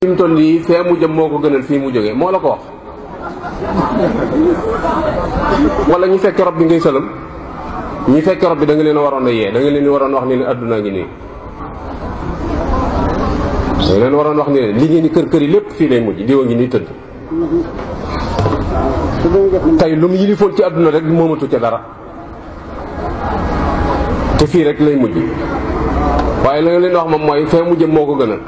fi mu toll nii fee mu jëm moo gënal fii mu jógee moo la ko wax wala ñu fekk rob bi ngay sëlam ñi fekk rob bi da nga leen waroon a yee da nga leen waroon wax ni leen adduna ngi da leen waroon wax ni li ngeen ni kër kër lay mujj ngi lu mu ci rek dara te rek lay mujj la nga leen wax mu jëm gënal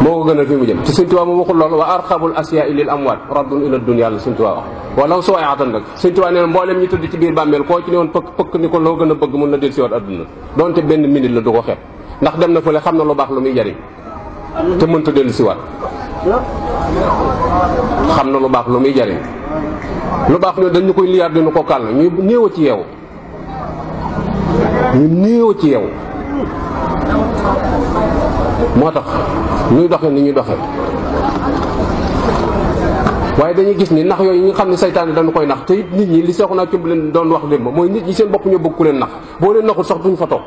moo ko a fi mu jëm te sëñ Tuubaa waxul loolu wa arxabul asyaai lil amwaat raddun ila dunya la sëñ Tuubaa wax wala soo ayaatan nag sëñ Tuubaa nee na mboolem ñi tëdd ci biir bàmmeel koo ci ne woon pëkk pëkk ni ko loo gën a bëgg mun na del siwaat adduna donte benn minute la du ko xeeb ndax dem na fële xam na lu baax lu muy jariñ te mënta dellu siwaat xam na lu baax lu muy jariñ lu baax ñoo dañu koy liyaat dinu ko kàll ñu néew ci yeewu ñu néew ci yeewu moo tax ñuy doxe ni ñuy doxe waaye dañuy gis ni nax yooyu ñu xam ne saytaane dañu koy nax te it nit ñi li Seexuna Cubb leen doon wax démb mooy nit ñi seen bopp ñoo bëgg ku leen nax boo leen naxul sax duñ fa toog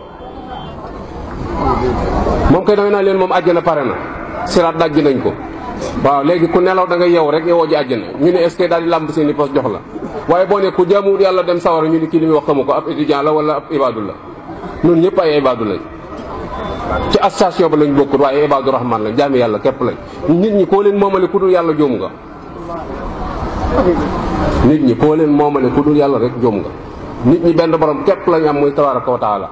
moom koy damay naa leen moom àjjana pare na siraat dajji nañ ko waaw léegi ku nelaw da nga yeew rek yeewoo ji àjjana ñu ne est daal di làmb seen i pos jox la waaye boo ne ku jaamuwul yàlla dem sawara ñu ne kii li muy wax xamu ko ab étudiant la wala ab ibaadu la noonu ñëpp ay ibaadu lañ ci association ba lañ bokkut waaye ibaadu rahman la jaami yàlla képp lañ nit ñi koo leen moomale ku dul yàlla jóom nga nit ñi koo leen moomale ku dul yàlla rek jóom nit ñi benn borom képp lañ am muy tabaraka wa taala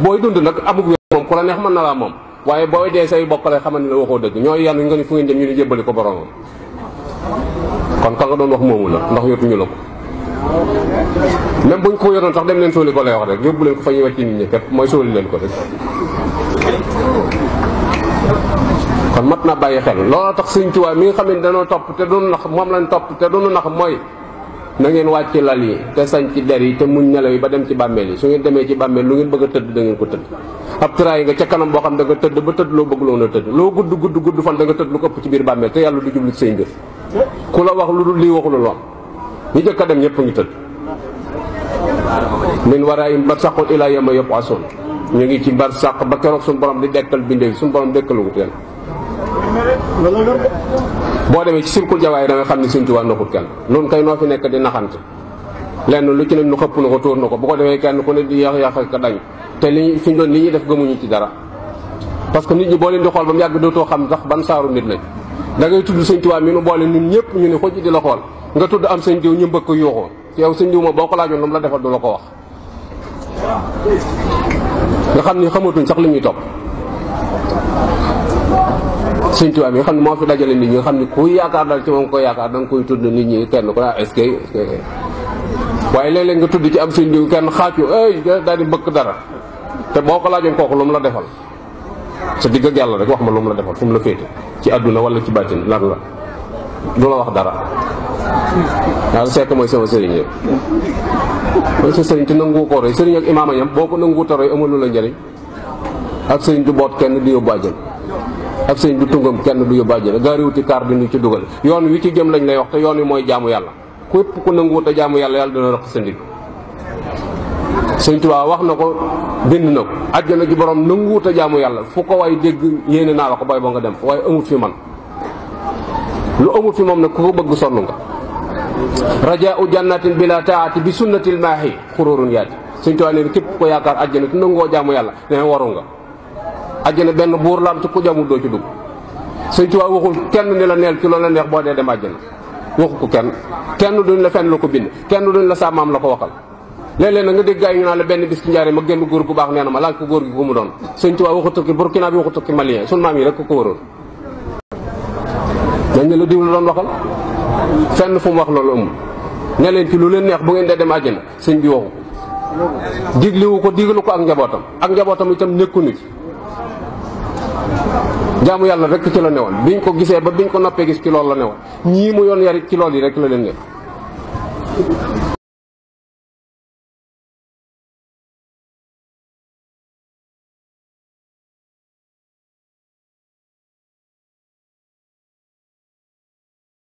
booy dund nag amug wér moom ku la neex mën na laa moom waaye booy dee say bokk lay xamante ne waxoo dëgg ñoo yan nga ni fu ngeen dem ñu ni jébbali ko boromam kon ka nga doon wax moomu la ndox yotuñu la ko même buñ ko yoroon sax dem leen sóoli ko lay wax rek yóbbu leen ko fa ñuy wàcc nit ñi kat mooy sóoli leen ko rek. kon mat naa bàyyi xel looloo tax Sëriñ Tuubaa mi nga xam ne danoo topp te duñu nax moom lañ topp te duñu nax mooy na ngeen ci lal yi te sañ ci der yi te muñ nelaw yi ba dem ci bàmmeel yi su ngeen demee ci bàmmeel lu ngeen bëgg a tëdd da ngeen ko tëdd ab tëraay nga ca kanam boo xam da nga tëdd ba tëdd loo bëgg loon a tëdd loo gudd gudd gudd fan ko ëpp ci biir te yàlla du jublu ci la wax lu dul lii waxu lu am ñi jëkk dem ñëpp ngi tëdd min waraayim barsaqun ilaa yawma yub'asuun ñu ngi ci barsaq ba keroog suñu borom di dekkal bindee suñu borom dekkalugu kenn boo demee ci sirkul jawaay da xam ne Sëñ Tuubaa naxut kenn noonu kay noo fi nekk di naxante lenn lu ci ne nu xëpp na ko tóor na ko bu ko defee kenn ku ne di yàq yàq ka dañ te li fi ñu doon li ñuy def gëmuñu ci dara parce que nit ñi boo leen di xool ba mu yàgg dootoo xam sax ban saaru nit lañ da ngay tudd Sëñ Tuubaa mi nu boole ñun ñëpp ñu ne xoj di la xool nga tudd am sëñ diw ñu mbëkk yuuxoo yow sëñ diw ma boo ko laajoon lam la defal dula ko wax nga xamni xamatuñ sax li top topp tu ami xamni mo fi dajale nit ñi xamni ku yaakar dal ci mom ko yaakar dang koy tudd nit ñi kenn ko est ce que waaye nga tudd ci am sëñ diw kenn xatu ay dal di bëkk dara te boo ko laajoon lum la defal sa digg ak yàlla rek wax ma lum la defal fum la fete ci aduna wala ci bàttin lan la dula wax dara waaw Seck mooy sama sëriñ yow mooy sa sëriñ te nangu koo roy sëriñ ak imaam boo ko nanguwut a roy amul lu ak sëriñ du boot kenn du yóbbu àjjana ak sëriñ du tungam kenn du yóbbu àjjana gaariwuti kaar bi ñu ci dugal yoon wi ci jëm lañ lay wax te yoon wi mooy jaamu yàlla képp ku nanguwut a yàlla yàlla dina rëq sa ndig wax na ko bind na ko àjjana ji borom nanguwut a jaamu yàlla fu ko way dégg yéene naa la ko bay ba nga dem waaye amut fi man lu amut fi moom nag ku ko bëgg sonn nga rajaau jannatin bila taati bi sunnatil maahi xururun yaati suñ tuwaa neen képp ko yaakaar àjjana te nangoo jaamu yàlla nee waru nga àjjana benn buur la am ci doo ci dugg suñ tuwaa waxul kenn ni la neel ci loolu la neex boo dee dem àjjana waxu ko kenn kenn duñ la fenn la ko bind kenn duñ la maam la ko waxal léeg-léeg na nga dégg gaay ñu naan la benn bis ci ma génn góor gu baax nee na ma laaj ko góor gi ku mu doon suñ tuwaa waxu tukki burkina bi waxu tukki malien suñ maam yi rek ko ko waroon dañ ne la diw la fenn fu mu wax loolu amul ne leen ci lu leen neex bu ngeen dee dem àjjana sëñ bi waxu digliwu ko diglu ko ak njabootam ak njabootam itam nekkuñu ci jaamu yàlla rek ci la newoon biñ ko gisee ba biñ ko noppee gis ci lool la newoon ñii mu yoon yari ci lool yi rek la leen ne